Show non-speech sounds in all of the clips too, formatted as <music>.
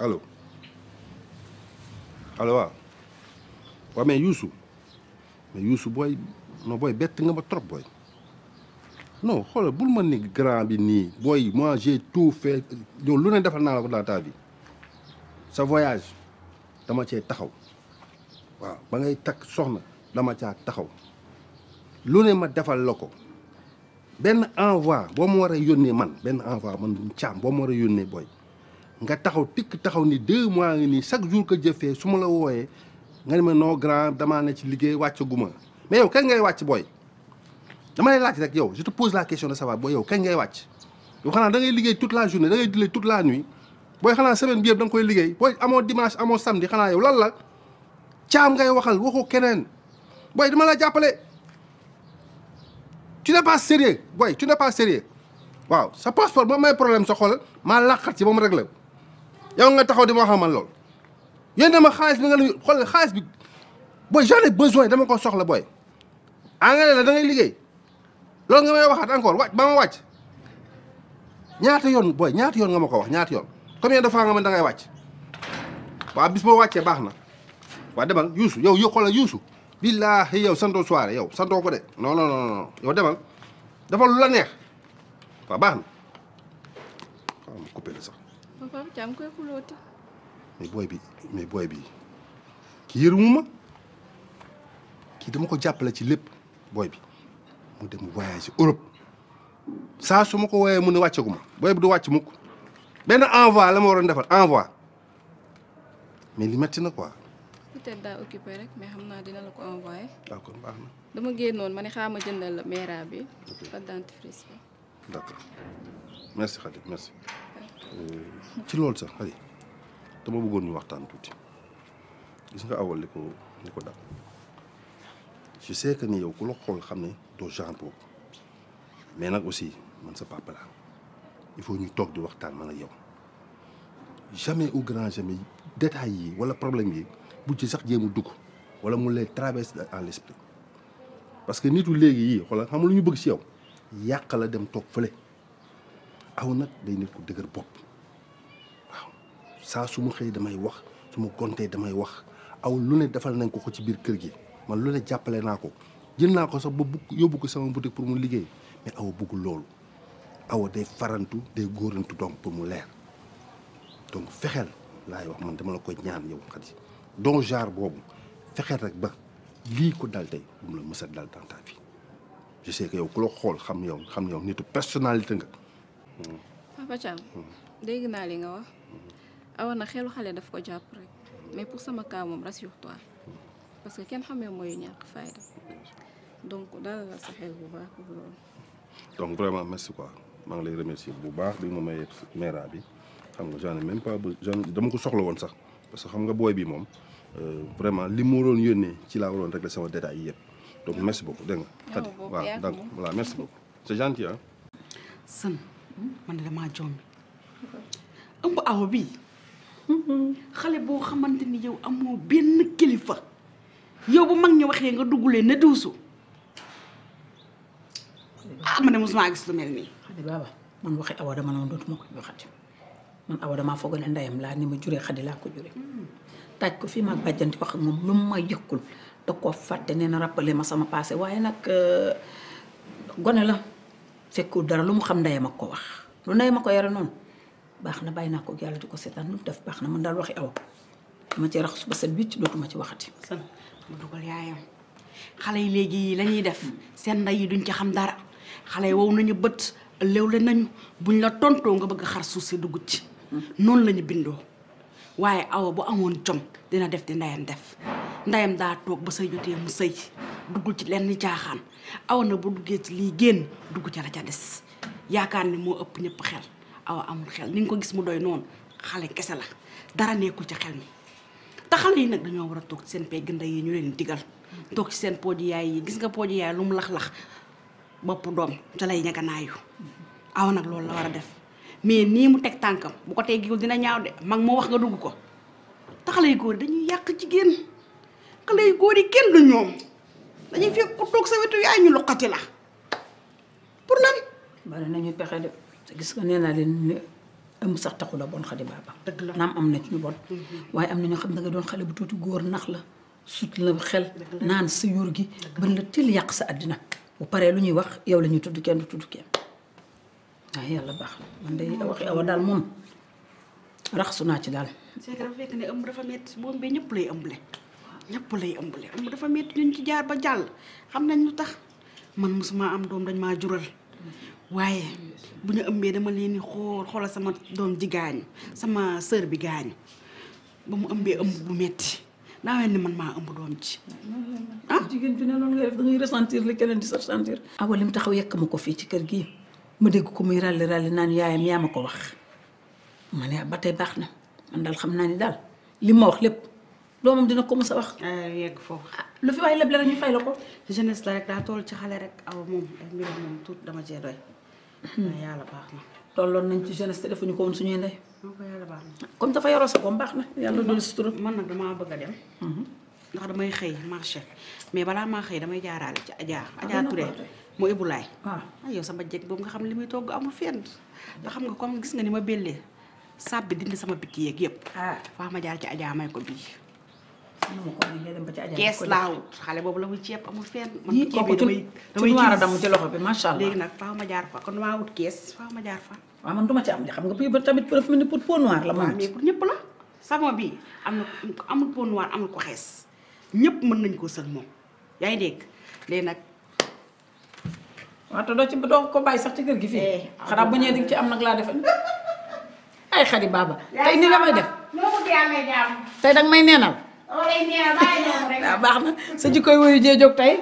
allo allo waa waaw mais Youssou mais Youssou booy non booy bett nga ma trop booy non xoolal bul ma ni grand bi nii booy moi j'ai tout fait yow lu ne defal naa la ko dans ta vie sa voyage dama cee taxaw waaw ba ngay takk soxna dama caa taxaw lu ne ma defal la ko benn envoi boo ma war yónnee man benn envoi man caam boo ma war a yónnee booy nga taxaw tikk taxaw ni deux mois ngi nii chaque jour que jëfee su ma la wooyee nga ne ma non grand damaa ne ci liggéey wàccaguma mais yow kañ ngay wàcc booy dama lay laaj rek yow je te pose la question de savoir booy yow kañ ngay wàcc yow xanaa da ngay liggéey toute la journée da ngay liggéey toute la nuit booy xanaa semaine bi yëpp da nga koy liggéey booy amoo dimanche amoo samedi xanaa yow lan la caam ngay waxal waxoo keneen booy dama la jàppale tu n'es pas sérieux booy tu n'es pas sérieux waaw sa passeport ma may problème sa xool maa làqat ci ba mu réglé yow nga taxaw di ma xamal loolu yéen dama xaalis bi nga la xool xaalis bi booy j'en ai besoin dama ko soxla booy engrais ah la da ngay liggéey loolu nga may waxaat encore wàcc ba ma wàcc ñaata yoon booy ñaata yoon nga ma ko wax ñaata yoon combien de fois nga ma da ngay wàcc waaw bis boo wàccee baax na waaw demal yuusu yow yow xoolal yuusu billaahi yow santoo soirée yow santoo ko de non non non non yow demal dafa lu la neex waaw baax na waaw ma coupé la sax Pape Thiam koy xulooti. booy bi mais booy bi kii yërëmuma kii ko jàppale ci lépp booy bi mu mu dem voyage Europe saa su ma ko woowee mu ne wàccaguma booy bi du wàcc mukk benn envoi la ma waroon defal envoi mais li metti na quoi. peut-être daa rek mais xam naa dina la ko envoyé. d'accord baax na. dama génnoon ma ne xaaral ma la mera bi. ok ak dentifrice bi. d'accord merci Khady merci. ci loolu sax xëy dama bëggoon ñu waxtaan tuuti gis nga awal li ko li ko que ni yow ku la xool xam ne doo genre boobu mais nag aussi man sa papa la il faut ñu toog di waxtaan man ak yow jamais au grand jamais détails yi wala problème yi bu ci sax jéemu dugg wala mu lay traverse en l'esprit parce que nitu léegi yii xoolal xam lu ñu bëgg si yow yàq dem toog fële. aw nag day nit ku dëgër bopp waaw saa su ma xëy damay wax su ma gontee damay wax aw lu ne defal nañ ko ko ci biir kër gi man lu ne jàppale naa ko jël naa ko sax ba bugg yóbbu ko sama boutique pour mu liggéey mais aw buggul loolu awa day farantu day góorantu donc pour mu leer donc fexeel laay wax man dama la koy ñaan yow Khady donc genre boobu fexeel rek ba lii ko dal tey bu la mës a dal dans ta vie yow ku la xool xam yow xam yow nitu personnalité nga Papa Thiam dégg naa li nga wax awa na xelu xale daf ko jàpp rek mais pour sama cas moom rassure-toi parce que kenn xamee mooy ñàkk fayda donc daal la sa xel bu baax maa ngi lay remercier bu baax bi ma mayee mera bi xam nga j'en ai même pas j'en dama ko soxla woon sax parce que xam nga booy bi moom euh, vraiment li mu waroon yónnee ci laa waroon régler sama détails yëpp donc merci beaucoup dégg nga. xati waaw donc voilà man de damaa jommi ëmb aw bi xale boo xamante ni yow amoo benn kilifa yow bu mag ñi waxee nga duggulee na duusu ah man de mosuma gis lu mel nii. xadi baaba man waxi awa dama noonu dootuma ko waxati man awa damaa foog ndeyam laa ni ma juree xadi laa ko juree. taaj ko fii ma bàjjanti wax ak moom lu ma yëkkul da koo fàtte nee na ma sama paase waaye nag euh, gone la. fekkul dara lu mu xam ndeyam ak ko wax lu ndeyam ak ko yore noonu baax na bàyyi naa ko yàlla di ko seetaan lu mu def baax na man daal waxi aw dama ci raxas ba set wicc dootuma ci waxati. mu dugal yaayam xale yi léegi la def seen ndey yi duñ ci xam dara xale yi wow nañu bët léewle nañu buñ la tontoo nga bëgg xar suuf si dugg ci. noonu lañu bindoo waaye awa bu amoon jom dina def di ndeyam def ndeyam daa toog ba say jotee mu sëy. duggul ci lenn caaxaan awa na bu duggee ci lii génn dugg ca la ca des yaakaar ni moo ëpp ñëpp xel aw amul xel ni nga ko gis mu doy noonu xale kese la dara nekkul ci xel mi te xale yi nag dañoo war a toog ci seen pegg ndey yi ñu leen digal toog ci seen pooji yaay yi gis nga pooji yaay lu mu lax-lax bopp doom ca lay ñaganaayu aw nag loolu la war a def mais nii mu teg tànkam bu ko teggiwul dina ñaaw de mag moo wax nga dugg ko te xale yu góor dañuy yàq jigéen xale yu góor yi kenn ñoom dañuy fekk ku toog sa wetu yaay ñu loqati la pour lan. bari nañu pexe de gis nga nee naa leen ne ëmb sax taxu la bon xadi baaba. dëgg la naam am na ci ñu bon. Mhm. waaye am na ñoo xam ne nga doon xale bu tuuti góor nax la sut la xel. naan sa yuur gi. ban la teel yàq sa àddina. bu paree lu ñuy wax yow la ñuy tudd kenn du tudd kenn waaye yàlla baax na man de mhm. waxi awa daal moom raxasu naa ci daal. c'est dafa fekk ne ëmb dafa ñëpp lay ëmbale. ñëpp lay ëmbale ëmb dafa metti ñu ci jaar ba jàll xam nañ lu tax man mosuma am doom dañ maa jural waaye bu ñu ëmbee dama leen di xool xoolal sama doom ji gaañu sama sër bi gaañu ba mu ëmbee ëmb bu metti daa mel ni man maa ëmb doom ji ah jigéen bi ne noonu ngay def da ngay ressentir li keneen mu taxaw yekk ma ko fii ci kër gi ma dégg ko muy ràlli naa naan yaayam yaa ma ko wax ma ne ba tey baax na man daal xam naa ni daal li ma wax lépp doomam dina ko mos a wax. Ah, yegg ah, lu fi waay leble rek ñu fay la ko. jeunesse la rek daa toll ci xale rek aw moom ay mbir moom tuut dama cee doy. waaw ah, yàlla baax na. tolloon nañ ci jeunesse te defuñu ko woon suñuy ndey. yàlla baax na comme dafa yoroo sa koom baax na yàlla si sutura. man nag damaa bëgg a dem. Mhm. ndax damay xëy marché mais balaa maa xëy damay jaaraale ci ajaa Adja Touré mu Ibulaay. waaw yow sama jég boobu nga xam li muy togg amul fenn. ba xam nga comme gis nga ni ma bellee sàbbi din sama bikki yeeg yëpp. waaw ma jaar ci Adja may ko kees laa wut xale boobu la muy ceeb amul fenn man ceeb bi damay damay ci damu loxo bi macha allah léegi nag faaw jaar fa kon maa wut kees faaw ma jaar fa waa man duma ci am li xam nga bii ba tamit dafa mel ni pour peau noire la moom mais pour ñëpp la savon bi am na amul peau noire amul ko xees ñëpp mën nañ ko sël moom yaa ngi dégg léegi nag waaw te doo ci doo ko bàyyi sax ci gi fii eh, ah, xanaa bu ñëwee di ci am nag laa defe ay xarit baaba tey nii la may def tey danga may neenal waaw baax na sa jikkoy woyu jee jóg tey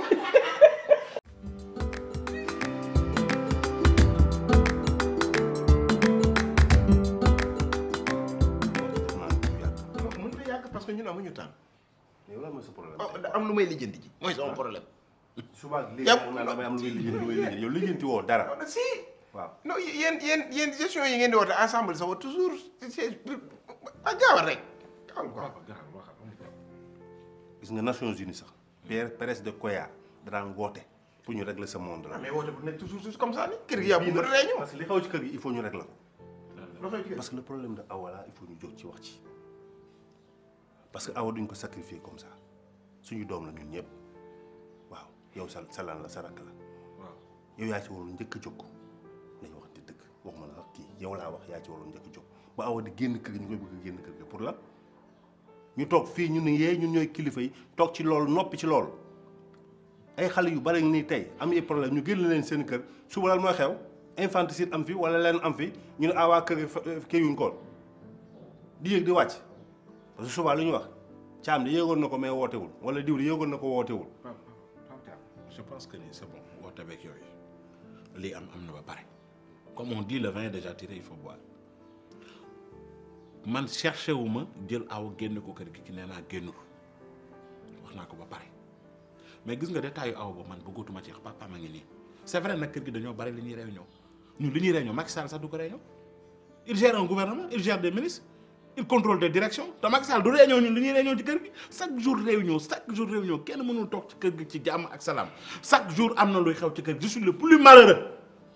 parce que ñun amuñu temps. yow lan mooy sa am lu may lijjanti ji mooy sama problème. souvent léegi am lu may lijjanti lu may woo dara. si waaw non yéen yéen yéen gestion yi ngeen di woote ensemble sax toujours c'est à gaawal rek. gaawal gis nga Nations Unies sax. presse de Koya daraan woote pour ñu régler ce monde là. Ah, mais woote bu nekk toujours comme ça nii kër gi yaa bu mu réñu. parce xaw ci kër gi il faut ñu régler ko. parce que le problème de Awa là il faut ñu jóg ci wax ci parce que Awa duñ ko sacrifier comme ça suñu doom la ñun ñëpp waaw yow sa sa lan la sa rakk la. waaw yow ci waroon njëkk a ko nañu wax te dëgg waxuma la sax kii yow laa wax yaa ci waroon njëkk a jóg ba Awa di génn kër gi ñu koy bëgg génn kër gi pour la ñu toog fii ñu ni yee ñun ñooy kilifa yi toog ci loolu noppi ci loolu ay xale yu bari nii tey am ay problème ñu génn leen seen kër suba lan mooy xew infanticide am fi wala leen am fi ñu ne ah waa kër kii yuñ koon di yéeg di wàcc parce que ñu wax caam di yéegoon na ko mais wootewul wala diw di yéegoon na ko wootewul. je pense que ni c'est bon woote lii am am na ba pare comme on dit le vin est déjà tiré man cherché wu ma jël aw génn ko kër gi ci nee naa génnul wax naa ko ba pare mais gis nga détail yu aw ba man bëggootuma ci wax papa ma ngi nii c'est vrai nag kër gi dañoo bari li ñuy réunion ñun li ñuy réunion Macky Sall sax du ko réunion il gère un gouvernement il gère des ministres il contrôle des directions te Macky Sall du réunion ñun li ñuy réunion ci kër gi chaque jour réunion chaque jour réunion kenn mënul toog ci kër gi ci jàmm ak salaam chaque jour am na luy xew ci kër gi je suis le plus malheureux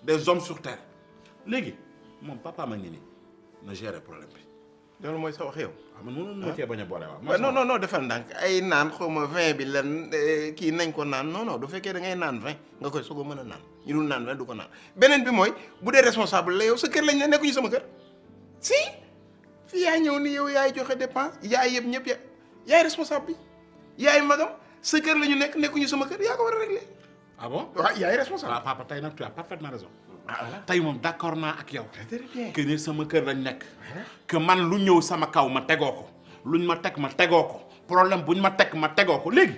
des hommes sur léegi moom papa ma ngi nii na gérer problème bi loolu mooy sa wax yow. waaw ah, man mënoon na ah. cee bañ a boole waaw. non naan xaw ma vin bi lan eh, kii nañ ko naan non non du fekkee da ngay naan vin nga koy soog a mën a naan ñu dul naan vin du ko naan beneen bi mooy bu dee responsable la yow sa la lañ ne nekkuñu sama kër si fii yaa ñëw ni yow yaay joxe dépense yaay yëpp ñëpp ya yaay responsable bi yaay magam sa kër la ñu nekk nekkuñu sama kër yaa a réglé. ah bon yaay responsable. waaw ah, papa tey nag tu as parfaitement Ah, tey moom d'accord naa ak yow. sama kër lañ nekk. que man lu ñëw sama kaw ma tegoo ko luñ ma teg ma tegoo ko bu buñ ma teg ma tegoo ko léegi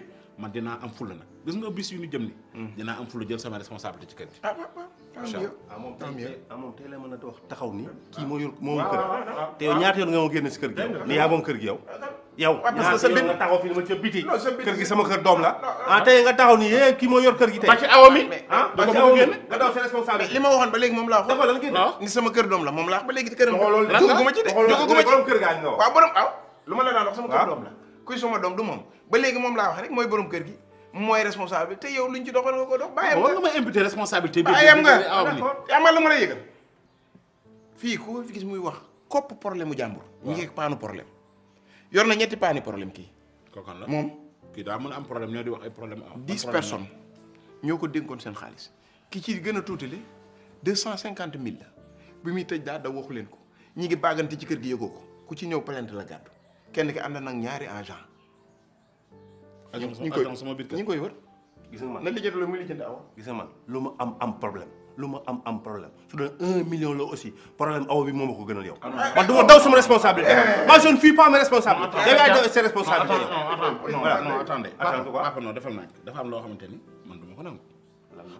dinaa am fulla nag gis nga bis yu ñu jëm ni hmm. dinaa am fulla jël sama responsabilité ci kër gi. Ah, Ah, ah, a wax taxaw ni kii moo yor moomu kër te yow ñaata yoon nga ma génn si kër gi ni yaa moom kër gi yow yow parce que nga taxaw la ah tey nga ni eh kii moo yor kër gi tey ba ah, li ma waxoon ba léegi moom laa wax dafa ni sama kër doom la moom laa wax ba léegi këram jógaguma ci de jógaguma ci borom kër gaa aw lu ma la daan wax sama kër doom la kuy sama doom du moom ba léegi moom laa wax rek mooy borom kër gi mooy te yow luñ ci doxal nga ko dox. bàyyam nga war nga ma imputer responsabilité. bi bàyyam nga ah, d'accord amal la ma lay yëgal. fii muy wax kopp problème mu jàmbur. ñu ngi paanu problème. yor na ñetti paani problème kii. kookan la moom. daa mën a am problème ñoo di wax ay problème am. Ah, dix personnes ñoo ko dénkoon seen xaalis. ki ci gën a tuutale deux cent cinquante mille la bi muy tëj daal da waxu leen ko ñi ngi bàggante ci kër gi yëgoo ko ku ci ñëw plainte la gàddu kenn ki ànd nag ñaari agent ñu ngi koy ñu ngi koy wër. gis nga man na lijjanti lu man lu ma am am problème lu ma am am problème su doon un million la aussi problème awa bi moom moo ko gënal yow. Ah, man du ma daw sama responsabilité. Eh, eh, eh. ma je ne fuis pas mes responsabilités. yow yaay daw ses responsabilités. naa am loo xamante ni man ma ko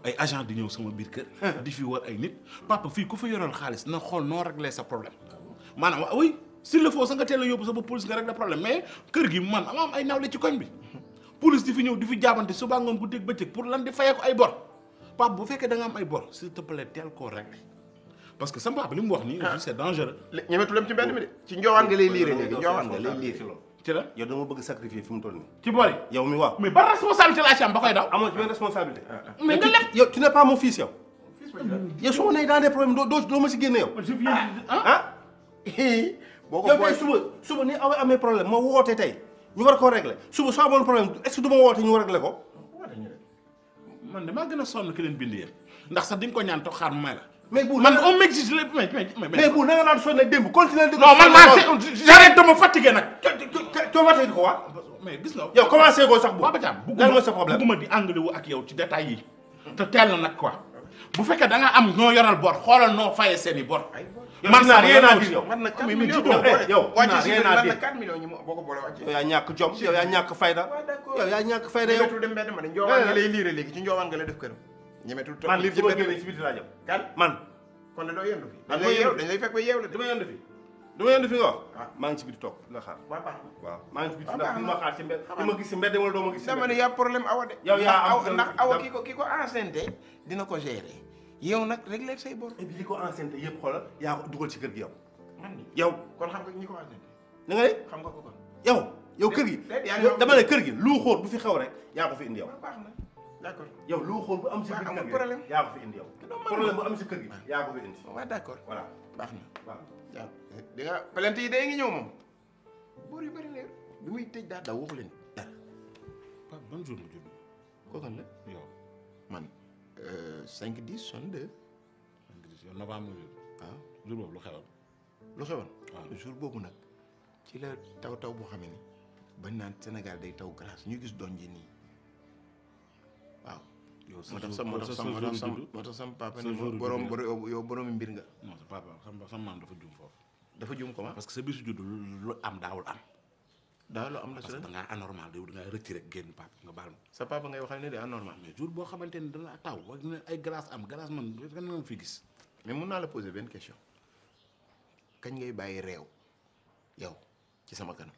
ay agent di ñëw sama biir kër. di fi war ay nit papa fii ku fa yoroon xaalis na xool noo réglé sa problème maanaam oui s'il le faut sa nga teel a yóbbu sa ba police nga réglé problème mais kër gi man am ay nawle ci koñ bi police di fi ñëw di fi jaabante suba ngoon guddeeg bëccëg pour lan di fayee ko ay bor Pape bu fekkee da nga am ay bor s'il te plaît teel koo réglé parce que sa papa li mu wax nii aussi c'est dangereux ah, ñemetu lem ci benn mi de ci njoowaan nga lay liire léegi njoowaan nga lay liire ci la yow dama bëgg sacrifier fi mu toll nii ci boole yow mi waaw mais ban responsabilité laa ci am ba koy daw amoo ci benn responsabilité ah, ah. mais nga leb yow tu n'es pas mon fils yow yow su ma nee dans des problèmes doo doo ma si génne yow ah <laughs> boo ko yow tey suba suba ni aw amee problème ma woote tey ñu war koo régler suba soo amoon problème est-ce que du ma woote ñu régler ko. man de maa gën a sonn ki leen bind yéen ndax sax di nga ko ñaan toog xaar mu may la. mais bu man on m'exige lépp mais mais bu na nga naan sonn nag démb continuer di. non man maa j'arrête de me fatiguer nag. coo fatigué ko waa. mais gis nga yow commencé koo sax bu. Baba Thiam bugguma lan mooy sa problème bugguma di anglais wu ak yow ci détails yi. te teel na nag quoi bu fekkee da nga am ñoo yoral bor xoolal noo fayee seen i bor. man naa rien à dire yow man na 4 millions eh, yow man naa rien à dire 4 millions boo ko boole wàcc yow yaa ñàkk jom yow yaa ñàkk fayda yow yaa ñàkk fayda yow ñemetul dem mbedd ma de njoowaan eh, nga eh. lay liire léegi ci njoowaan nga lay def këram ñemetul man li ci biti laa jëm kan man kon de doo yendu fi dañ lay yeew dañ lay fekk ba yeew la dama yendu fi dama yendu fi nga wax ah. maa ngi ci biti toog la xaar waaw maa ngi ci biti ndax ma xaar ci mbedd ma gis ci mbedd wala doo ma gis dama ne yaa problème awa de yow yaa am ndax awa ki ko ki ko enceinte dina ko gérer yow nag régler say bor. et puis li ko enceinte yëpp xoolal yaa ko dugal ci kër gi yow. man mii kon xam nga ñi ko enceinte. da nga ne xam nga ko kon. yow yow kër gi dama ne kër gi lu xóor bu fi xew rek yaa ko fi indi yow. Ah, baax na d'accord yow lu xóor bu am si ah, biir kër gi yaa ko fi indi yow. problème bu si kër gi yaa ko fi indi. waaw d'accord voilà baax yi day ngi ñëw moom. boor yu bëri leer bi muy tëj daa daw waxu leen dara. waaw ban jour mu jur kooku cinq di soixante deux. cinq dix yow novembre mu waaw jour boobu nag ci la taw taw boo xamee ni bañ naan Sénégal day taw glace ñu gis doon ji nii waaw. yow sa jour moo tax sa moo tax sa moo sama papa ne ma mbir nga. non sa papa sama maam dafa juum foofu. dafa juum comment parce que sa bisu juddu lu am daawul am. daa am na si parce que da ngaa anormal da ngaa rëcc rek génn pap nga baal ma. sa papa ngay waxal ne de anormal. mais jour boo xamante ni dana taw wax dina ay glace am glace man kan la fi gis. mais mun naa la poser benn question kañ nga bàyyi réew sama kanam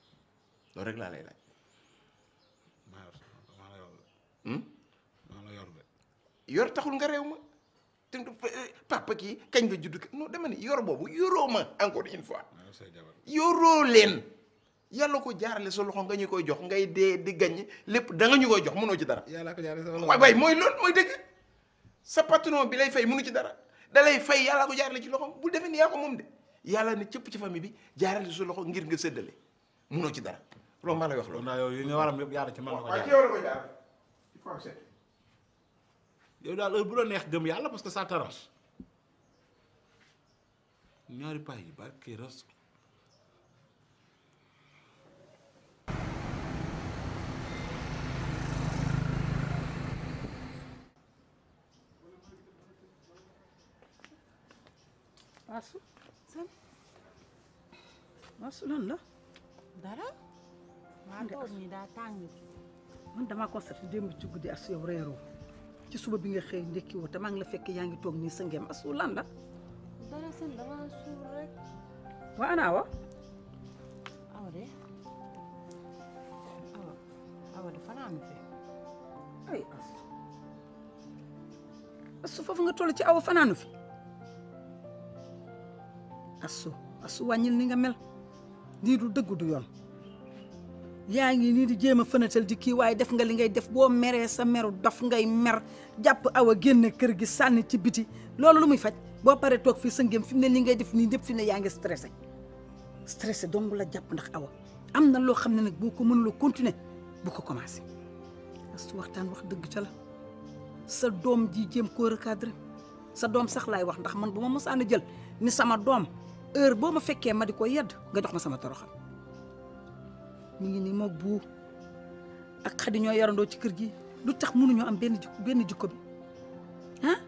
loolu rek laa lay laaj. yor maa la hmm? taxul nga réew ma te eh, papa kii kañ nga judd non dama ni yor boobu yoroo ma encore une fois. yoroo yàlla ko jaarale sa loxo nga ñu koy jox ngay dee di gaññ lépp danga ñu koy jox mënoo ci dara. yàlla ko jaarale sa mooy loolu mooy dëgg sa patron bi lay fay mënu ci dara dalay lay fay yàlla ko jaarale ci loxom bu defee ni yaa ko moom de yàlla ne cëpp ci famille bi jaarale sa loxo ngir nga séddale mënoo ci dara loolu maa lay wax loolu. naa yow yi nga waram yëpp yàlla ci mën na ko jaar yow daal heure bu la neex gëm yàlla parce que ça t'arrange ñaari paa yi asu san asu lan la dara maa toog nii daa tàng man damaa constaté démb ci guddi asu yow reeroo ci suba bi nga xëy ndekki woo te maa la fekk yaa ngi toog nii sa ngeem lan la dara san damaa suur rek waa ana awa fanaanu fi ay asu foofu nga toll ci awa fanaanu fi asu asu wàññil ni nga mel nii du dëgg du yoon yaa ngi nii di jéem a fënatal di kii waaye def nga li ngay def boo meree sa meru dof ngay mer jàpp awa génne kër gi sànni ci biti loolu lu muy faj boo pare toog fii sa ngéem fi mu ne li ngay def nii ñëpp fi ne yaa ngi stressé stressé dong la jàpp ndax awa am na loo xam ne nag boo ko mënula continuer bu ko commencé asu waxtaan wax dëgg ca la sa doom ji jéem koo recadré sa doom sax laay wax ndax man bu ma mosaan a jël ni sama doom heure boo ma fekkee ma di ko yedd nga jox ma sama toroxal ñu ngi nii moog buu ak xadi ñoo yarandoo ci kër gi lu tax mënuñu am benn jikko benn jikko bi ah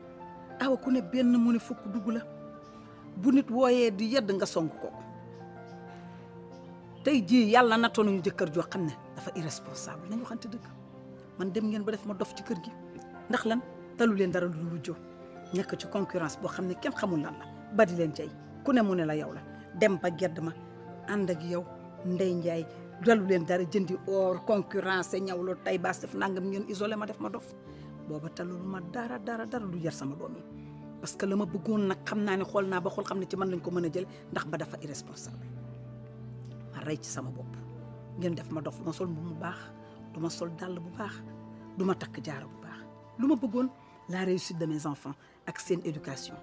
awa ku ne benn mu ne fukk dugg la bu nit wooyee di yedd nga song ko tey jii yàlla natoon nañu jëkkër joo xam ne dafa irresponsable xam waxante dëkk man dem ngeen ba def ma dof ci kër gi ndax lan talu leen dara lu lu joo nekk ci concurrence boo xam ne kenn xamul lan la bari leen jay ku ne mu ne la yow la dem ba gedd ma ànd ak yow ndey njaay dalu leen dara jëndi or concurrence ñaw lu tay baas def nangam ngeen isolé ma def ma dof booba talul ma dara dara dara lu yar sama doom parce que la ma bëggoon nag xam naa ne xool naa ba xool xam ne ci man lañ ko mën a jël ndax ba dafa irresponsable ma rey ci sama bopp ngeen def ma dof ma sol mbubb mu baax du ma sol dàll bu baax du ma takk jaar bu baax lu ma bëggoon la réussite de mes enfants ak seen éducation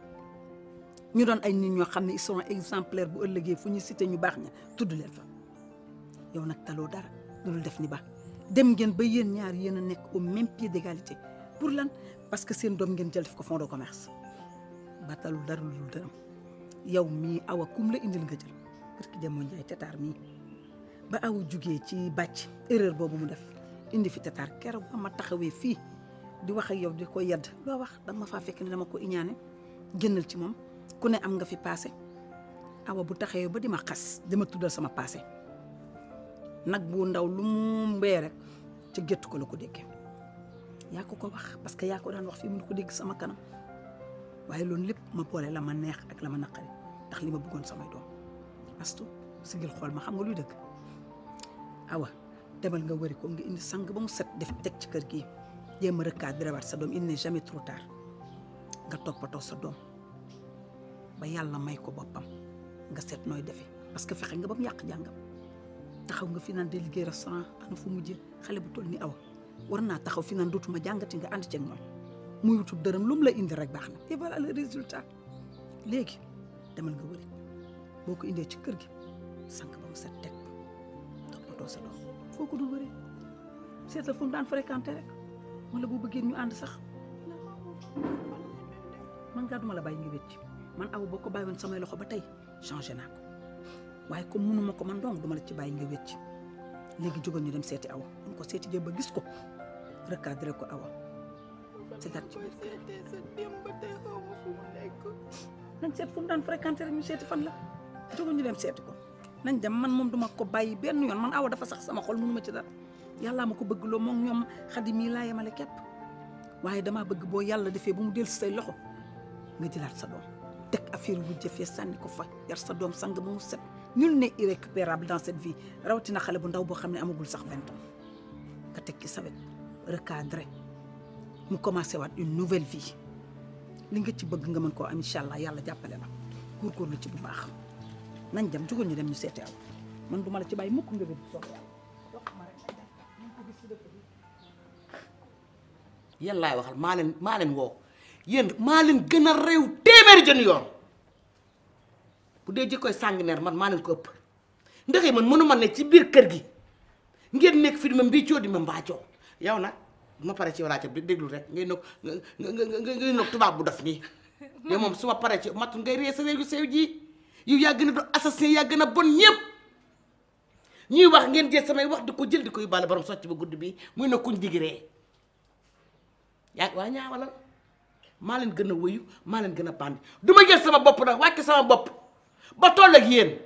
ñu doon ay nit ñoo xam ne son sont exemplaires bu ëllëgee fu ñu cité ñu baax ña tudd leen fa yow nag taloo dara loolu def ni ba dem ngeen ba yéen ñaar yéen a nekk au même pied d'égalité pour lan parce que seen doom ngeen jël def ko fond de commerce ba talul dara lu dërëm yow mii awa kum la indil nga jël parce que demoon Njaay tetaar mii ba aw jugee ci bàcc erreur boobu mu def indi fi tetaar keroog ba ma taxawee fii di wax ak yow di ko yedd loo wax dama faa fekk ne dama ko iñaane génnal ci moom ku ne am nga fi passé awa bu taxee ba di ma xas dama tuddal sama paase nag bu ndaw lu mu mbee rek ca géttu ko la ko déggee yaa ko ko wax parce que yaa ko daan wax fii mu ko dégg sama kanam waaye loolu lépp ma boole la ma neex ak la ma naqari ndax li ma bëggoon sama doom astu sigil xool ma xam nga luy dëgg awa demal nga wari ko nga indi sang ba mu set def teg ci kër gi jéem a recadré waat sa doom il n'est jamais trop nga toppatoo sa doom ba yàlla may ko boppam nga seet nooy defe parce que fexe nga ba mu yàq jàngam taxaw nga fi naan di liggéey restaurant ana fu mujjee xale bu toll ni awa war naa taxaw fi naan dootuma jàngati nga ànd ceeg moom muy wutub dërëm lu mu la indi rek baax na et voilà résultat léegi demal nga wëri boo ko indee ci kër gi sànq ba mu set teg toppatoo sa dox foo ko dul wëree seetal fu mu daan fréquenté rek wala boo bëggee ñu ànd sax man ngaa duma la bàyyi nga wécc man aw boo ko bàyyiwoon samay loxo ba tey changé naa ko waaye mënuma ko man donc duma la ci bàyyi nga wécc léegi jógal ñu dem seeti awa mun ko seeti jëm ba gis ko recadré ko aw seetaat ci nañ seet fu mu daan fréquenté rek ñu seeti fan la jógal ñu dem seeti ko nañ dem man moom duma ko bàyyi benn yoon man awa dafa sax sama xol mënuma ci dara yàllaa ma ko bëgg loo moom ñoom xadi mii laa yemale képp waaye damaa bëgg boo yàlla defee bu mu dell si say loxo nga jëlaat sa doom teg affaire bu jëfee sànni ko fa yar sa doom sang ba mu set nul n'est irrécupérable dans cette vie rawatina xale bu ndaw boo xam ne amagul sax vingt ans nga teg ci sa wet mu commencé waat une nouvelle vie li nga ci bëgg nga mën koo am incha allah yàlla jàppale la góorgóorlu ci bu baax nañ dem jógal ñu dem ñu seete aw man duma la ci bàyyi mukk nga bëgg soo yéen laay waxal maa leen maa leen woo yéen téeméeri jën yoon bu dee jikkoy sanguinaire man maa ne ko ëpp ndaxee man mënu man ne ci biir kër gi ngeen nekk fi di ma mbiicoo di ma mbaacoo yow nag bu ma pare ci yow laa ca déglu rek ngay nog ngay nog tubaab bu def nii <laughs> moom su pare ci matul ngay ree sa réew yu sew ji yu yaa gën a doon assassin yaa gën a bon ñëpp ñuy wax ngeen jël samay wax di ko jël di ko yóbbaale borom socc ba guddi bi muy na kuñ digiree waaye ñaawalal maa leen gën a woyu maa leen gën a bandi du ma jël sama bopp nag wàcc sama bopp ba toll ak yéen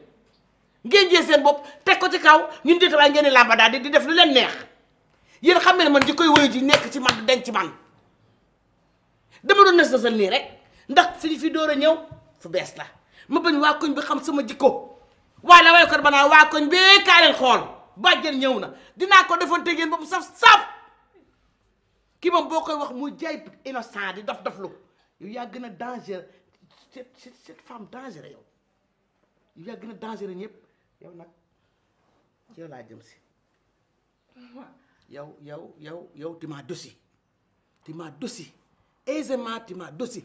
ngeen jël seen bopp teg ko ci kaw ñun di tabaay ngeen di làmba daal di def lu leen neex yéen xam ne man di koy wëyu ji nekk ci man denc man dama doon sa nasal nii rek ndax fi fi door a ñëw fu bees la ma bañ waa koñ bi xam sama jikko waaye la way ko banaa waa koñ bee kaa xool bàjjen ñëw na dinaa ko defoon te ngeen bopp saf saf kii moom boo koy wax muy jaay innocent di dof dof lu yow yaa gën a dangereux cette cette femme dangereux yow yow yaa gën a ñëpp yow nag yow laa jëm si yow yow yow yow tu dosi tu m'as dosi aisément tu m'as dosi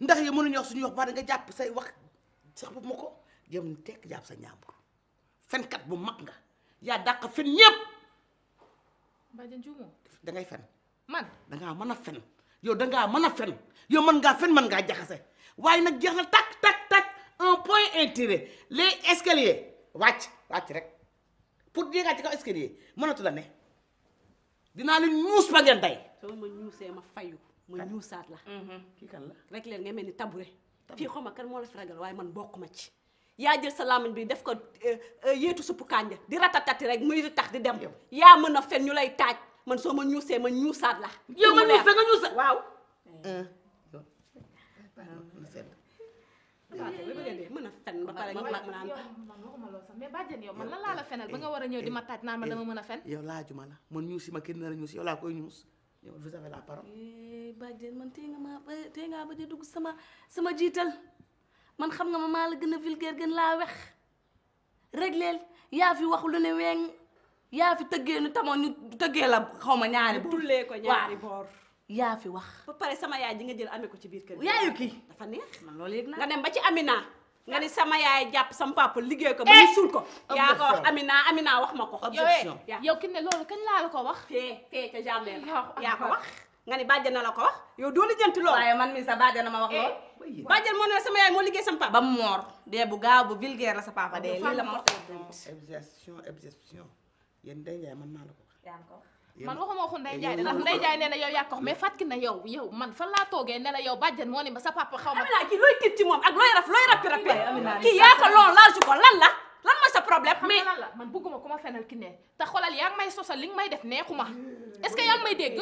ndax yow mënuñu wax suñu yok ba da nga jàpp say wax sax bu ma ko jëm tekk sa ñaambur bu mag nga yaa dàq fen ñëpp da ngay fen man dangaa mën a fen yow dangaa mën a fen yow mën ngaa fen mën ngaa jaxase waaye nag jeex na tak tak tak un point intiré les escaliers wàcc wàcc rek pour yéegaa ci kaw escalier mënatu la ne dinaa leen ñuus ba ngeen day soo ma ñuusee ma fayu ma ñuusaat la mhm. kii kan la rek leen nga mel ni tabure fii xaw ma kan moo la fi ragal waaye man bokk ma ci yaa jël sa làmmiñ bi def ko euh, euh, yéetu suppu kànja di ratatati rek muy di tax di dem yaa mën a fen ñu lay taaj man soo ma ñuusee ma ñuusaat la. yow ma euh. a fen ba pare ma naan mais bàjjen yow man lan laa la fenal ba nga war a ñëw di ma taaj naan ma dama mën a fen. yow laajuma la man ñuusi ma kenn nar a ñuus yow laa koy ñuus yow vous eh, man tey nga ma tey ngaa ba di dugg sama sama jiital man xam nga ma maa la gën a vulgaire gën laa wex régleel yaa fi wax lu ne weeng yaa fi tëggee nu tamoon ñu tëggee la xaw ma ñaari bu tullee ko ñaari yaa fi wax. ba pare sama yaay ji nga jël amee ko ci biir kër yaayu kii dafa neex man loolu yëg naa nga dem ba ci Amina. nga ni sama yaay jàpp sama papa liggéey ko ba ñu eh! suul ko. yaa ko wax Amina Amina wax ma ko. objection yow ki ne loolu kañ laa la ko wax. fee fee ca jardin yaa ko wax. nga ni bàjjen na la ko wax yow doo lijjanti loolu. waaye man sa bàjjen na ma wax loolu. Eh, bàjjen moo ne la sama yaay moo liggéey sama papa. ba mu moor dee bu gaaw bu vulgaire sa papa dee lii la ma wax. objection objection yéen Ndeye Ndiaye man maa la ko wax. yaa ko man waxuma waxu Ndeye Ndiaye de ndax Ndeye Ndiaye nee na yow yaa ko wax mais a Kiné man fan laa toogee ne la yow bàjjen moo ma sa papa xaw ma. kii looy tiit ci moom ak looy raf looy rappi rappi kii yaa ko lool laaju ko lan la lan mooy sa problème mais lan la man bëgguma ku ma fenal Kiné te xoolal yaa ngi may sosal li nga may def neexuma est-ce que yaa may dégg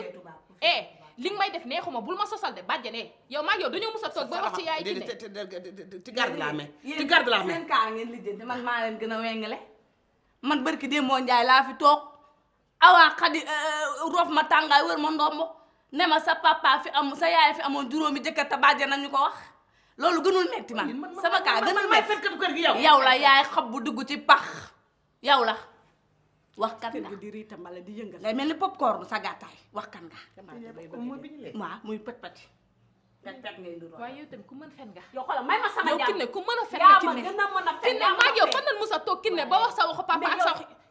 eh li nga may def neexuma bul ma sosal de bàjjen eh yow maa yow dañoo mus a toog ba wax ci yaay Kiné ci garde la ngeen lijjanti man maa leen gën a wengale man barki démboo njaay laa fi toog awaa xadi euh, roof ma tàngaay wër ma ndombo ne ma sa papa fi am sa yaay fi amoon juróomi jëkkër te bàjje nañu ko wax loolu gënul metti man sama kaa gënul metti yow la yaay xab bu dugg ci pax yow la wax kan nga di riita mbala di yëngal ngay mel ni popcorn sa gàttaay wax kan nga waaw muy pët pëti pet pet ngay ndur waaye yow ku mën fen nga yow xoolal may ma ku mën a fen nga kinne yaa ma gën a a musa toog kinne ba wax sa waxu papa sa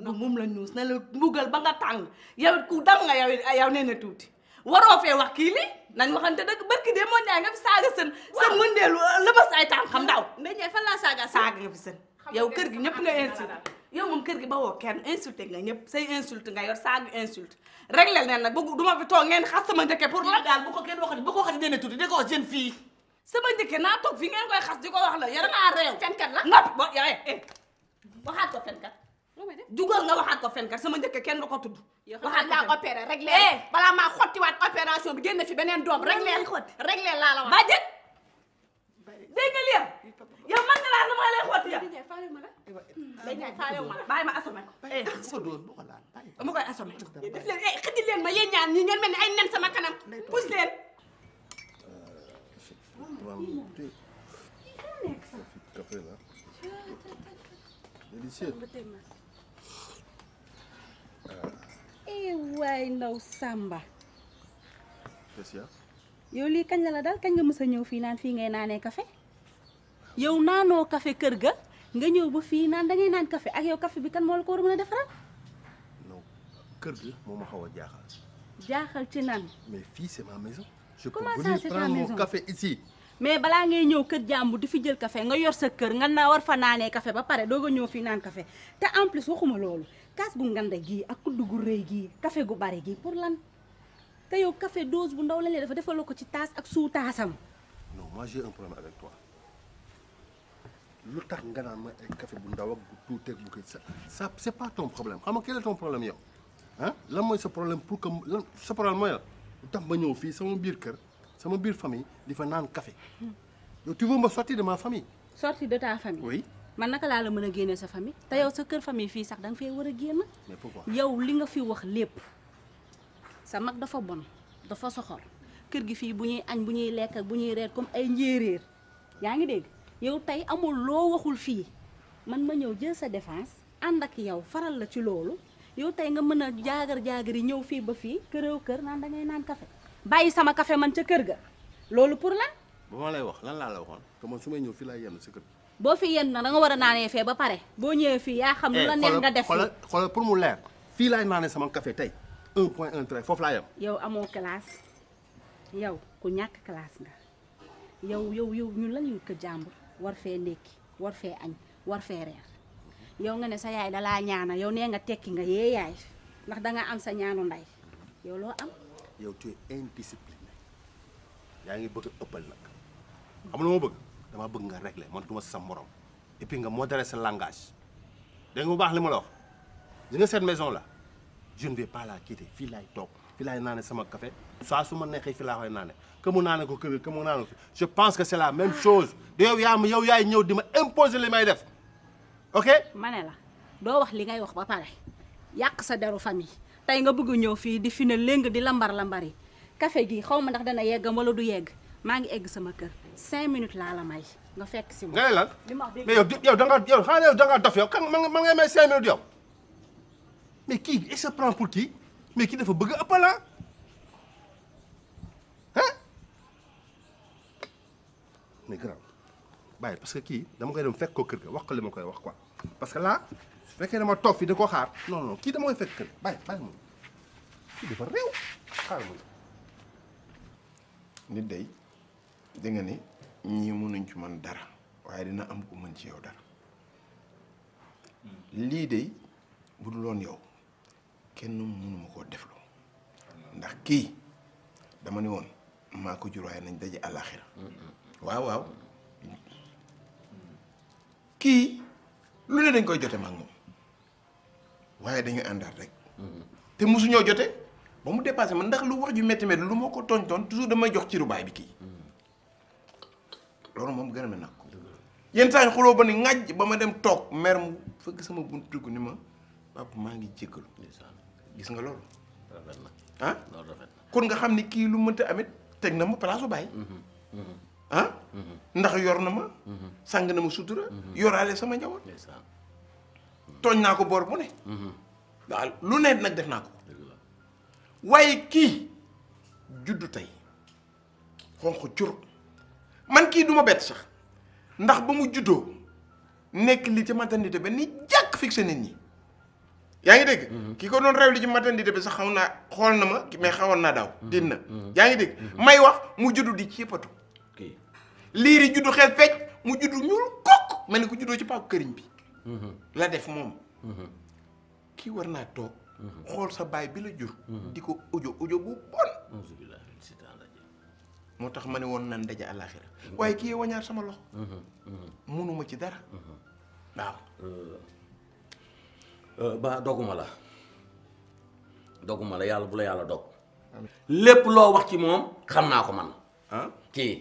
ndax moom la ñuus ne la mbugal ba nga tàng yow ku dal nga yow yow nee na tuuti waroo fee wax kii lii nañ waxante dëgg barki de moo ñaay nga fi saaga sën sën mëndeelu euh, lëbës ay tànk xam ndaw ndañee fan laa saaga saaga nga fi sën yow kër gi ñëpp nga insulte yow moom kër gi ba woo kenn insulte nga ñëpp say insulte nga yor saaga insulte réglel neen nag bëgg duma fi toog ngeen xas sama njëkke pour la daal bu ko kenn waxati bu ko waxati ne na tuuti di ko wax jeune fille sama njëkke naa toog fi ngeen koy xas di ko wax la yow dangaa réew fenkat la noppi bo yow eh, eh, waxaat ko fenkat jugal nga waxaat ko fenkat sama njëkk kenn du ko tudd. waxaat laa opéré rek leen eh! balaa maa xottiwaat opération bi génn fi beneen doom rek leen rek leen laa la wax. bàjjen dégg nga lii a man nga laa dama lay xotti ya. léegi nag faalewu ma la bàyyi ma asomé eh! eh, leen ma yéen ñaan ñi ngeen mel ni ay nen sama kanam pousse leen. Euh, waay ndaw sàmba yow lii kañ la la dal kañ nga mës a ñëw fii naan fii ngay naanee kafe yow naanoo kafe kër ga nga ñëw ba fii naan da ngay naan café ak yow kafe bi kan moo la ko war a mën a defaral. non kër gi moo ma xaw a jaaxal. jaaxal ci nan mais fii c'est ma maison. je peux venir prendre mon mais balaa ngay ñëw kër jàmbu di fi jël kafe nga yor sa kër nga naa war fa naanee café ba pare doog a ñëw fii naan kafe te en plus waxuma loolu kaas gu ngande gii ak kudd gu rëy gii kafe gu bari gii pour lan te yow café dose bu ndaw lañ lay dafa defaloo ko ci taas ak suu taasam non moi j'ai problème avec toi lu tax nga naan ma ay café bu ndaw ak bu tuuteeg bu koy sa ça c'est pas ton problème xam nga quel est ton problème yow ah lan mooy sa problème pour que la lu tax ma ñëw fii sama biir kër sama biir famille di fa naan café yow tu veux sorti sortir de ma de ta famille. man naka laa la mën a génne sa famille. te yow sa kër famille fii sax da nga fee war a génn. mais yow li nga fi wax lépp sa mag dafa bon dafa soxor kër gi fii bu ñuy añ bu ñuy lekk ak bu ñuy reer comme ay njéeréer yaa ngi dégg yow tey amul loo waxul fii man ma ñëw jël sa défense ànd ak yow faral la ci loolu yow tey nga mën a jaagar jaagar ñëw fii ba fii këréw kër naan da naan café bàyyi sama kafe man ca kër ga loolu pour lan. ba ma lay wax lan laa la waxoon te man su may ñëw fii laay yenn si kër boo fi yenn na da war a naanee fee ba pare boo ñëwee fii yaa xam lu la eh, neex nga def la xoolal pour mu leer fii laay naanee sama café tey un foofu laa yow amoo classe yow ku ñàkk classe nga yow yow yow ñun la ñuy ko jàmbur war fee ndékki war fee añ war fee reer yow nga ne sa yaay dalaa ñaana yow nee nga tekki nga yee yaay ndax danga am sa ñaanu ndey yow loo am yow tu es yaa ngi bëgg ëppal nag xam na moo bëgg dama bëgg nga régler man duma sa morom et puis nga modérer sa langage dégg nga bu baax li ma la wax di nga maison la je bi vais pas la quitter fii laay toog fii laay naane sama café saa su ma neexee fii laa koy naane que mu naane ko kër que mu naane ko je pense que c'est la même chose de yow yaa ma yow yaay ñëw di ma imposer may def ok ma la doo wax li ngay wax ba pare yàq sa deru famille tey nga bëgg ñëw fii di fi ne léng di lambar lambari café gi xaw ma ndax dana yeggam wala du yegg maa ngi egg sama kër cinq minutes laa la may nga fekk si ma. nga ne lan mais yow da nga yow xanaa yow da nga dof yow ma ma may cinq minutes yow mais kii se prend pour kii mais dafa bëgg a ëppal mais grand bàyyi parce que kii dama koy dem fekk ko kër ga wax ko li ma koy wax quoi parce que là. su fekkee dama toog fi da ko xaar non non kii damay fekk kër bàyyi bàyyi moom kii dafa réew xaar moom nit day da nga ne ñii mënuñ ci man dara waaye dina am ku mën ci yow dara lii de bu dul woon yow kenn mënuma koo deflu ndax kii dama ne woon maa ko jur waaye nañ daje àllaaxira waaw waaw kii lu ne dañ koy jotee mag moom waaye dañu àndaat rek. Mhm. te mosuñoo jote ba mu dépassé man ndax lu wax ju métti métti lu ma ko tooñ toon toujours damay jox ci rubaay bi kii mhm. loolu moom gën a nag ko yenn saa yi xuloo ba ni ba ma dem toog mer mu fëgg sama buntu dugg ni ma maa ngi jéggalu gis nga loolu. ah kon nga xam ni kii lu mënta amit teg na ma palaasu baay. Mhm. ah ndax yor na ma. sàng na ma sutura. yoraale sama njaboot. tooñ naa ko boor bu ne. Mhm. lu ne nag def naa ko. waaye kii juddu tey xonq cur man kii du ma bett sax ndax ba mu juddoo nekk li ci maternité ba ni jàkk fixé nit ñi yaa ngi dégg. Mhm. ki ko doon rew li ci maternité bi sax xaw naa xool na ma mais xawoon naa daaw. Mhm. din na yaa ngi dégg may wax mu juddu di céppatu liiri juddu xel fecc mu juddu ñuul kokk mel ni ku juddoo ci paaku këriñ bi. la def moom kii war naa toog xool sa baay bi la jur di ko ujo ujo bu bon moo tax ma ne woon nan daje àllaaxira waaye kii wañaar sama loxo munuma ci dara waaw euh, ba doguma la doguma la yàlla bu la yàlla dog lépp loo wax ci moom xam naa ko man ah? kii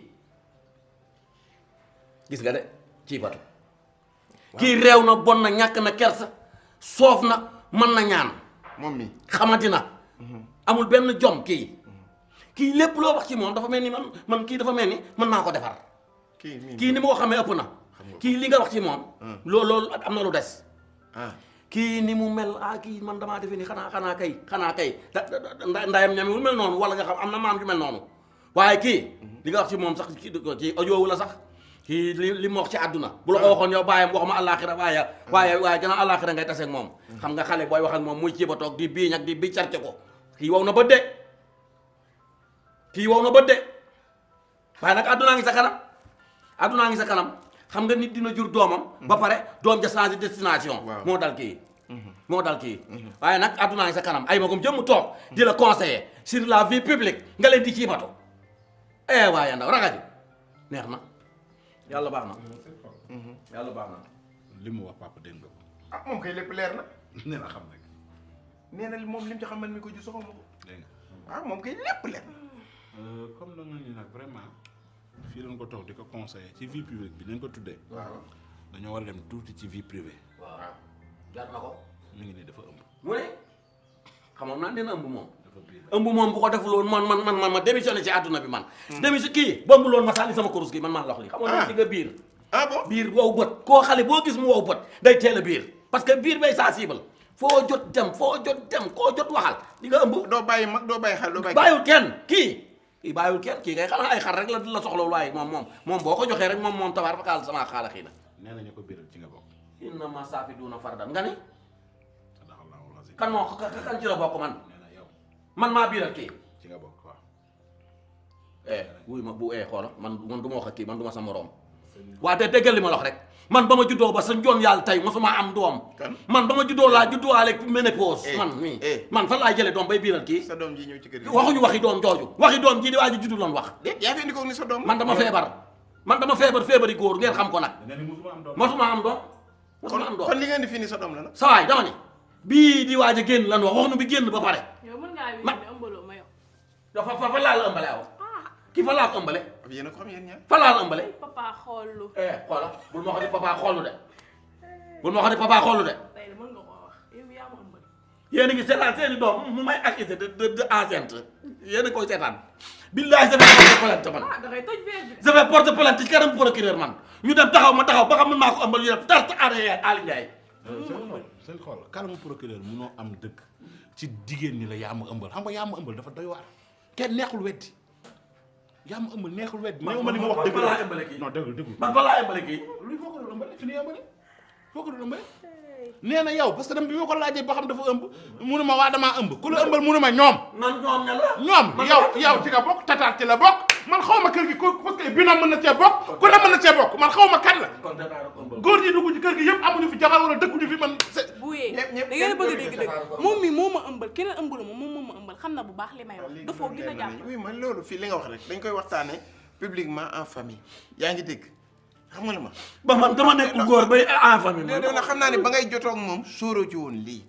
gis nga de ci batu kii réew na bon na ñàkk na kersa soof na mën na ñaan. moom mi xamante na mhm. amul benn jom kii. kii lépp loo wax ci moom dafa mel ni man man kii dafa mel ni mën naa ko defar. kii ni ma ko xamee li nga wax ci moom. Ah. loolu loolu am na lu des. Ah. kii ni mu mel ah kii man damaa defe ni xanaa xanaa kay xanaa kay ndayam ñamewul mel noonu wala nga xam am na maam ju mel noonu waaye kii. Mhm. li nga wax ci moom sax kii audio wu la sax. kii li li mu ci àdduna ah. bu la ko waxoon yow bàyyam waxuma àllaaxira waaye waaye waaye gannaaw àllaaxira hmm. xam nga xale booy wax ak moom muy ci ba toog di biiñ ak di bi carce ko kii wow na ba de kii wow na ba de waaye nag àddunaa ngi sa kanam àddunaa ngi sa kanam xam nga nit dina jur doomam hmm. ba pare doom ja changé destination moo dal kii hmm. moo dal kii waaye nag àddunaa ngi sa kanam ay magum jëmm toog di la conseiller sur la vie publique nga leen di ciibatu eh waaye ndaw ragaju neex na yàlla baax na. Mm, mm-hmm. yàlla baax li mu wax papa dégg nga ko. ah moom kay lépp leer na. <laughs> nee na xam nag. nee na moom li mu ci xam man mi ko ji soxal ma ko. dégg nga ah moom kay lépp leer na. Euh, comme nag ñu nag vraiment fii lañ ko toog di ko conseiller ci vie publique bi nañ ko tuddee. waaw dañoo war a dem tuuti ci vie privée. waaw jaar na ko. mu ngi nii dafa ëmb. mu xamoon naa nee na ëmb moom. ëmb moom bu ko defuloon man man ma démissionné ci àdduna bi man. démission kii bomb loon ma taali sama kurus gi man maa lox li xam nga nga ah. biir. ah bon koo xale boo gis mu wow bët day teel a que biir bay sensible foo jot dem foo jot dem koo jot waxal di nga ëmb. doo bàyyi mag doo bàyyi xel doo bàyyi. bàyyiwul kenn kii kii bàyyiwul kenn ay xar rek la la soxla waaye moom moom moom boo ko joxee rek moom moom tabaar fa kaal sama xaala xii na. nee nañu ko biiral ci nga ma bokk man. man maa biiral kii. ci nga bokk waaw. eh wuy ma bu eh man man du ma wax ak kii man du ma sa moroom. waa te déggal li ma wax rek man ba ma juddoo ba sa njoon yàlla tey mosuma am doom. man ba ma juddoo laa judduwaale ménopause. Eh, man mii eh. man fan laa jëlee doom bay biiral kii. sa doom ji ñëw ci kër gi waxuñu waxi doom jooju. waxi doom ji di wax. yaa fi sa doom. man dama feebar man dama feebar feebari góor ngeen xam ko nag. mosuma am doom ma am doom. mosuma am doom kon li ngeen di fini sa doom la nag. sa dama ni bii di waaj a génn lan wax wax nu bi génn ba pare. yow mën ngaa yéene ëmbaloo ma yow. dafa fa fa laa la ëmbalee aw. Ah. kii fa laa ko ëmbalee. yéen a ko xam yéen ñaar. fa laa la ëmbalee. papa xoolu. Eh, xoola bul ma ko di papa xoolu de. bul ma ko di papa xoolu de. tey mën nga koo wax yow yaa ma ëmbal. yéen a ngi seetaan seen i doom mu may accusé de de de enceinte yéen a koy seetaan. billahi je vais porter plainte man. ah dangay toj weer bi. je vais porter plainte ci kanam procureur man ñu dem taxaw ma taxaw ba xam man maa ko ëmbal ñu def tarte Aliou Ndiaye hmm. seen xool kanamu procureur munoo am dëgg ci jigéen ñi la yaa ma ëmbal xam nga yaa ma ëmbal dafa doy waar kenn neexul weddi yaa ma ëmbal neexul weddi. man ma man man balaa ëmbale kii non déglu déglu. man balaa ëmbale kii. luy foo ko doon ëmbale fi ñuy ëmbale foo ko doon ëmbale. nee na yow parce que dem bi ma ko laajee ba xam dafa ëmb munu ku la ëmbal munu ma ñoom. ñoom ñan la. ci nga bokk tataar la bokk man xaw ma kër gi ku parce xaw ma kan kër gi yëpp amuñu fi jabar wala dëkkuñu fi man. buyee da ngeen a bëgg a dégg dëgg moom mi moo ma ëmbal keneen ëmbalu ma moom moo ma ëmbal xam na bu baax li may wax dafoo gën a jàpp oui loolu fii li nga wax rek dañ koy waxtaane publiquement en famille yaa ngi dégg xam nga li ma. ba man dama nekk góor bay en famille. man non xam naa ne ba ngay jotoog moom sóoroo ci woon lii.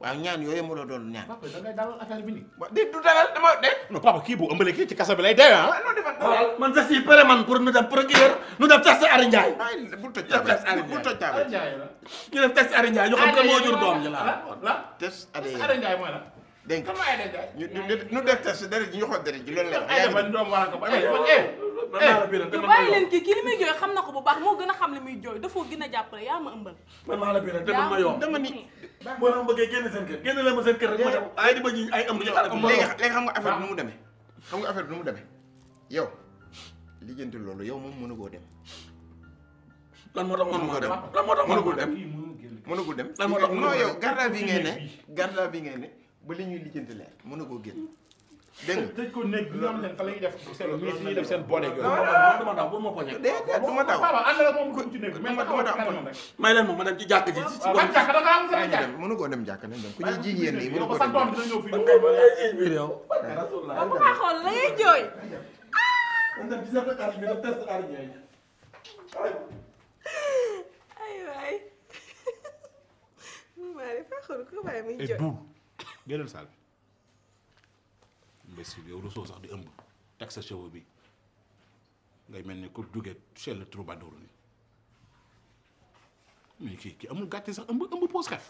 waaw ñaan yooyu ma la doon ñaan. papa da ngay dalal affaire bi nii. waaw di de. non papa kii bu ëmbalee kii ci kasa bi lay dee ah. man je suis prêt man pour nu def procureur nu def test Ari Ndiaye. bu toj taabal bu moo jur doom ji dégg nga ñu ñu def test deret ji ñu xool deret ji loolu la eh, eh. ñu bàyyi leen xam na ko bu baax moo gën xam li muy jooy dafoo gën a jàppale yaa ma ma yow dama ni boo leen bëggee génn seen kër génn leen ma seen kër rek ma dem ay di ma ji ay am du léegi xam nga affaire bi nu mu demee xam nga affaire bi nu mu demee yow lijjanti loolu yow moom mënugoo dem moo tax mënugoo dem lan moo mënugoo dem mënugoo dem lan moo tax non yow garda bi ngay ne garda bi ngay ne ba li ñuy lijjanti leer mën na koo génn. dégg nga tëj ko néeg bi nga xam ne fa la ñuy def seen ministre yi def seen boole yooyu. du ma daw bu ma poñe. déedéet du ma daw may leen moom ma dem ci jàkk ji. waaw man jàkk da nga am sama jàkk. mënu ko dem jàkk nañ dem ku ñuy jiñ yenn yi mënu ko dem jàkk. man ku ma xool la ngay jooy. ay waay. maa ngi fàqal ko waaye muy jooy. génnal saal bi imbécile yow rusoo sax di ëmb teg sa cheveu bi ngay mel ni ku duggee chez le troubadour ni mais kii kii amul gàcce sax ëmb ëmb pose